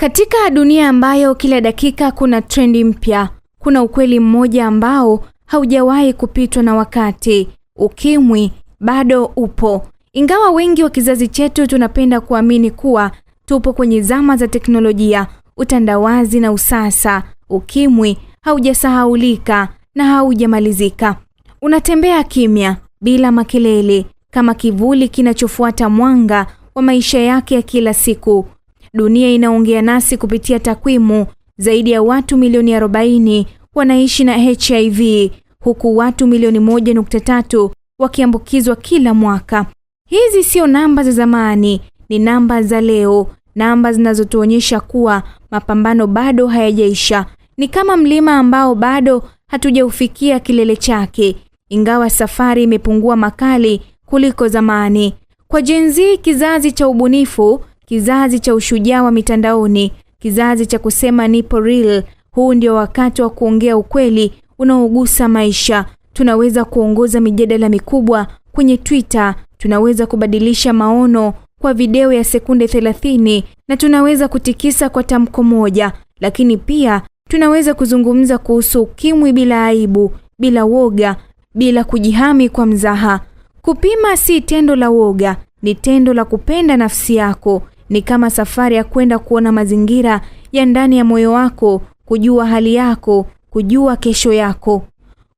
Katika dunia ambayo kila dakika kuna trendi mpya, kuna ukweli mmoja ambao haujawahi kupitwa na wakati: ukimwi bado upo. Ingawa wengi wa kizazi chetu tunapenda kuamini kuwa tupo kwenye zama za teknolojia, utandawazi na usasa, ukimwi haujasahaulika na haujamalizika. Unatembea kimya, bila makelele, kama kivuli kinachofuata mwanga wa maisha yake ya kila siku. Dunia inaongea nasi kupitia takwimu. Zaidi ya watu milioni 40 wanaishi na HIV huku watu milioni 1.3 wakiambukizwa kila mwaka. Hizi sio namba za zamani, ni namba za leo, namba zinazotuonyesha kuwa mapambano bado hayajaisha. Ni kama mlima ambao bado hatujaufikia kilele chake, ingawa safari imepungua makali kuliko zamani. Kwa Gen Z, kizazi cha ubunifu, kizazi cha ushujaa wa mitandaoni, kizazi cha kusema nipo real. Huu ndio wakati wa kuongea ukweli unaogusa maisha. Tunaweza kuongoza mijadala mikubwa kwenye Twitter, tunaweza kubadilisha maono kwa video ya sekunde 30 na tunaweza kutikisa kwa tamko moja, lakini pia tunaweza kuzungumza kuhusu ukimwi bila aibu, bila woga, bila kujihami kwa mzaha. Kupima si tendo la woga, ni tendo la kupenda nafsi yako. Ni kama safari ya kwenda kuona mazingira ya ndani ya moyo wako, kujua hali yako, kujua kesho yako.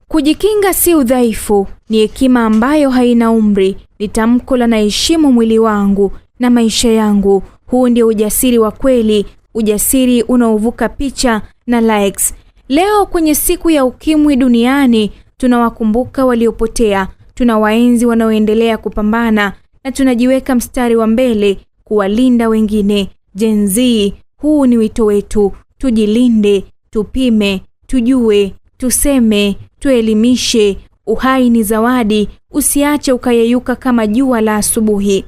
Kujikinga si udhaifu, ni hekima ambayo haina umri. Ni tamko la naheshimu mwili wangu na maisha yangu. Huu ndio ujasiri wa kweli, ujasiri unaovuka picha na likes. Leo kwenye siku ya ukimwi duniani, tunawakumbuka waliopotea, tunawaenzi wanaoendelea kupambana, na tunajiweka mstari wa mbele kuwalinda wengine. Gen Z, huu ni wito wetu, tujilinde, tupime, tujue, tuseme, tuelimishe. Uhai ni zawadi, usiache ukayeyuka kama jua la asubuhi.